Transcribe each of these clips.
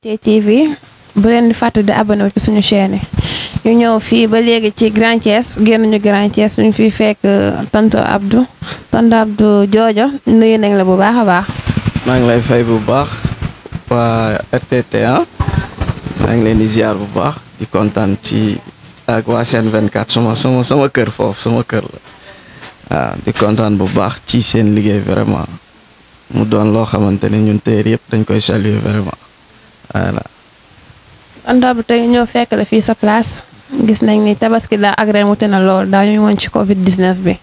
Kité TV bu leen di fàtte di abonné ci suñu chaîne ñu ñëw fii ba léegi ci Grand Thiès génn ñu Grand Thiès ñu fi fekk euh, tonto Abdou tonto Abdou Jojo la bu baax a baax. maa ngi lay fay bu baax waa RTTA ah. maa ngi leen di bu baax di kontaan ci ak waa Sen 24 sama sama sama kër foofu sama kër la ah, di kontaan bu baax ci seen liggéey vraiment mu doon loo xamante ne ñun téer yëpp dañ koy saluer vraiment. voilà. bi tey ñoo fekk la fii sa place gis nañ ni tabaski daa ak ren na lool daa ñuy woon ci Covid 19 bi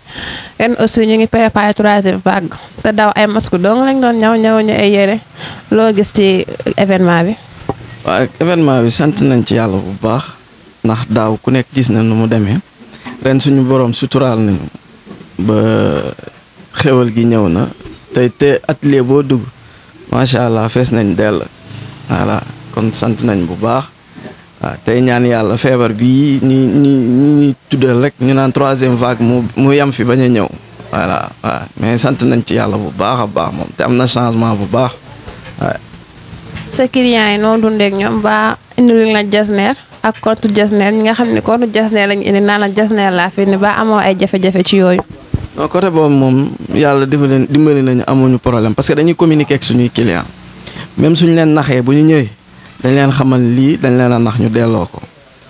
ren aussi ñu ngi préparé troisième vague te daaw ay masque dong lañ doon ñaw ñaw ñu ay yére loo gis ci événement bi. waaw événement bi sant nañ ci yàlla bu baax ndax daaw ku nekk gis na nu mu demee ren suñu boroom suturaal nañu ba xéwal gi ñëw na tey te atelier boo dugg macha allah fees nañ dell. voilà kon sant nañ bu baax waaw tey ñaan yàlla feebar bi ñu ñu ñu tuddal rek ñu naan troisième vague mu mu yem fi bañ a ñëw voilà waaw mais sant nañ ci yàlla bu baax a baax moom te am na changement bu baax waaw. sa client yi noo dundee ak ñoom ba indil la jasneer ak kontu jasneer ñi nga xam ne kontu jasneer lañu indi naan la jasneer laa fi ni baa amoo ay jafe-jafe ci yooyu. non côté boobu moom yàlla dimbali dimbali nañu amuñu problème parce que dañuy communiquer suñuy client même suñ leen naxee bu ñu ñëwee dañ leen xamal lii dañ leen a nax ñu delloo ko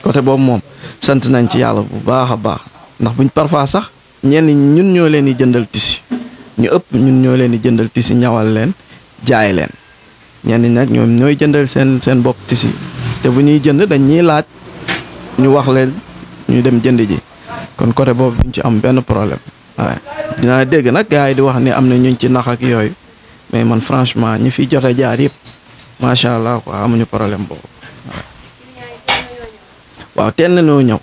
côté boobu moom sant nañ ci yàlla bu baax a baax ndax bu ñu parfois sax ñenn ñun ñoo leen di jëndal tissu ñu ëpp ñun ñoo leen di jëndal tissu ñawal leen jaay leen ñenn ñi nag ñoom ñooy jëndal seen seen bopp tissu te bu ñuy jënd dañ ñiy laaj ñu wax leen ñu dem jënd ji kon côté boobu duñ ci am benn problème waaye dinaa dégg nag gars yi di wax ni am na ñuñ ci nax ak yooyu. mais man franchement ñi fi jote jaar yëpp macha allah ko amuñu problème boobu waaw teel na ñoo ñëw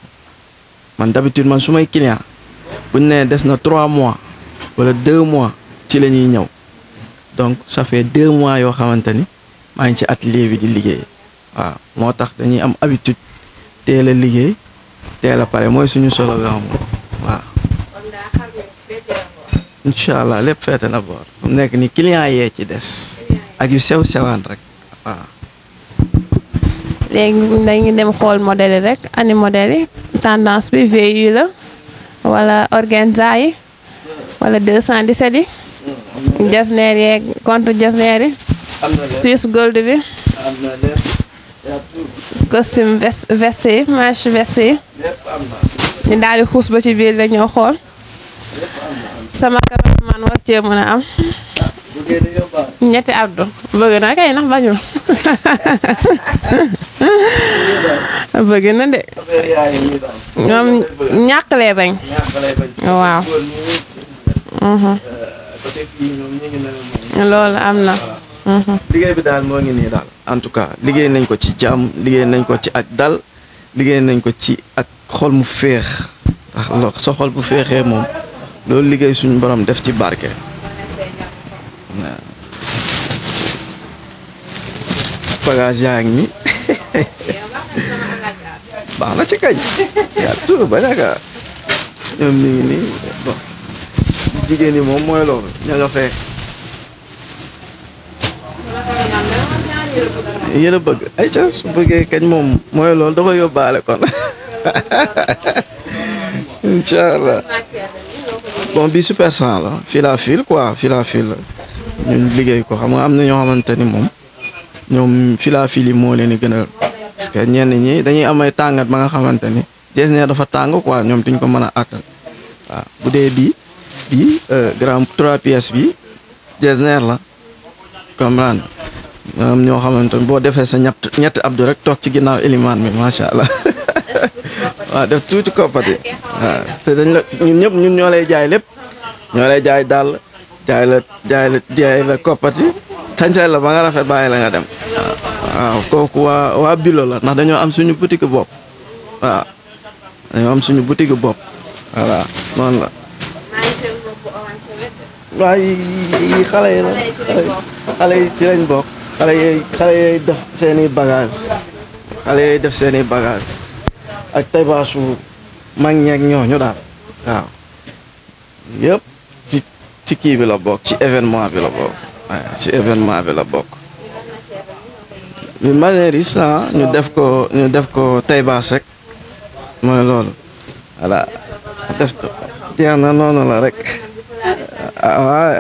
man d'habitude man su may client buñ nee des na trois mois wala deux mois ci la ñuy ñëw donc ça fait deux mois yoo xamante ni maa ngi ci atelier bi di liggéey waaw moo tax dañuy am habitude teel a liggéey teel a pare mooy suñu solo incha allah lépp feete na boor ni client yee ci des ak yu sew sewaan rek léegi dañu dem xool modèle rek ani yi tendance bi VU la wala organza yi wala 217 yi. jasneer yeeg contre jasneer yi. Suisse gold bi. costume veste veste yi manche veste yi. ñu daal di xuus ba ci biir la ñoo xool. sama cameraman war cee mën a am ñetti abdu bëgg na kay ndax bañul bëgg de ñoom bañ waaw mhm. loolu am na mhm. liggéey bi daal moo ngi nii daal en tout cas liggéey nañ ko ci jàmm liggéey nañ ko ci ak dal liggéey nañ ko ci ak xol mu féex ndax xol bu féexee moom loolu liggéey suñu borom def ci barke. waaw. bagage ngi nii. baax na ci kañ. yaa tout ba naka ah. ñoom ñu ngi nii bon moom mooy loolu ña fee. yéen a ay ca su bëggee kañ moom mooy loolu dafa yóbbaale kon incha allah. bon bi super sang la fil à fil quoi fil à fil liggéey ko xam nga am na ñoo xamante ni moom ñoom fil à fil yi moo leen di gënal parce que ñenn ñi dañuy amay tàngat ba nga xamante ni Getzner dafa tàng quoi ñoom duñ ko mën a àttal waaw bu dee bii bii euh, grand trois pièces bi Getzner la am ñoo xamante ni boo defee sa ñetti abdou rek toog ci ginnaaw élimaan bi macha allah. waaw ah, def tuuti koppat yi waaw ah, dañ la ñun ñëpp ñun ñoo lay jaay lépp lay jaay dàll jaay la jaay la jaay ba nga rafet bàyyi la dem ah, kooku waa waa Bilo la ndax dañoo am suñu boutique bopp waaw dañoo am suñu boutique bopp voilà noonu la waaw yi xale yi la xale yi ci lañ bokk xale yi xale yi def seeni bagage xale yi def seeni bagage ak taybaasu mag ñeeg ñooñu daal waaw yëpp ci ci kii bi la bokk ci événement bi la bokk ci événement bi la bokk bi maneris ñu def ko ñu def ko taybaas rek mooy loolu voilà def jeex na noonu la rek waaw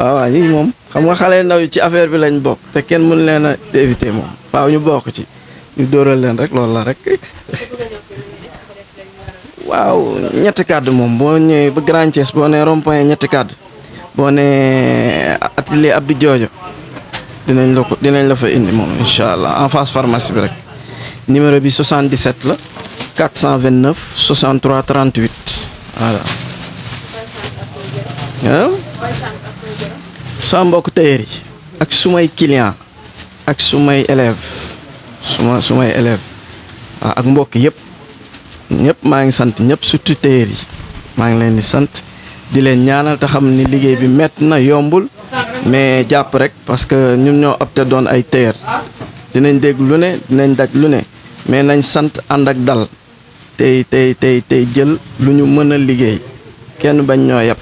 waaw ñi moom xam nga xale ndaw yi ci affaire bi lañ bokk te kenn mën leen a éviter moom waaw ñu bokk ci ñu dóoral leen rek loolu la rek. waaw ñetti kàddu moom boo ñëwee ba Grand boo nee rond ñetti kàddu boo nee atelier Abdou Diodio dinañ la dinañ la fa indi moom incha allah en face pharmacie bi rek numéro bi 77 la 429 63 38 voilà. ah. saa mbokk tailleur yi. ak sumay client ak sumay élèves. suma sumay élève waaw ah, ak mbokk yëpp ñëpp maa ngi sant ñëpp surtout téer maa ngi leen di sant di leen ñaanal te xam ni liggéey bi métti na yombul mais jàpp rek parce que ñun ñoo opté doon ay téer dinañ dégg lu ne dinañ daj lu ne mais nañ sant ànd ak dal tey tey tey tey jël lu ñu mën a liggéey kenn bañ ñoo yeb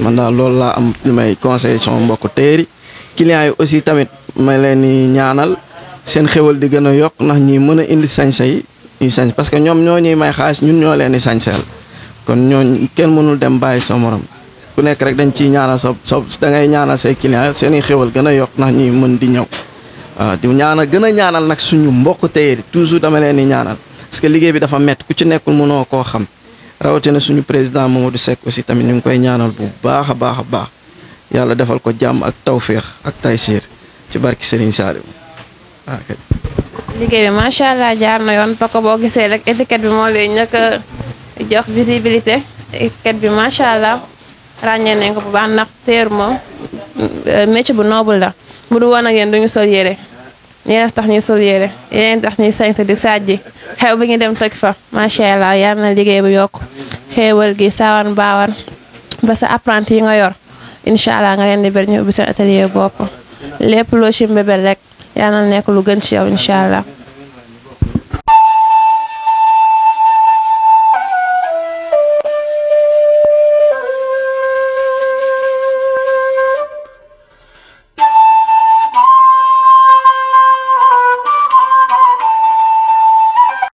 man daal loolu laa am li may conseil son mbokk téer yi clients yi tamit ma leen di ñaanal seen xéwal di gën a yokk ndax ñi mën a indi sañse yi ñuy sañse parce que ñoom ñoo ñuy may xaalis ñun ñoo leen di sañseel kon ñooñ kenn mënul dem bàyyi sa morom ku nekk rek dañ ciy ñaanal sa soob da ngay ñaanal say clients seeni i xéwal gën a yokk ndax ñuy mën di ñëw waaw di ñaanal gën a ñaanal nag suñu mbokk téyeeri toujours dama leen di ñaanal parce que liggéey bi dafa métti ku ci nekkul mënoo koo xam rawatina suñu président Mamadou Seck aussi tamit ñu ngi koy ñaanal bu baax a baax a baax yàlla defal ko jàmm ak tawféex ak taysiir ci barki Serigne liggéey bi macha allah jaar na yoon parce que boo gisee rek étiquette bi moo lay njëkk a jox visibilité étiquette bi macha allah ràññee nañ ko bu baax ndax teer moom euh, métier bu noble la bu du woon ak duñu sol yére tax ñuy sol yére yéen tax ñuy sañse di sajji xew bi ñu dem toj fa macha allah yal na liggéey bi yokk xeewal gi saawan baawan ba sa apprenti yi nga yor incha allah nga leen di ber ñu ubbi seen atelier bopp lépp loo ci rek. yàlla na nekk lu gën ci yow incha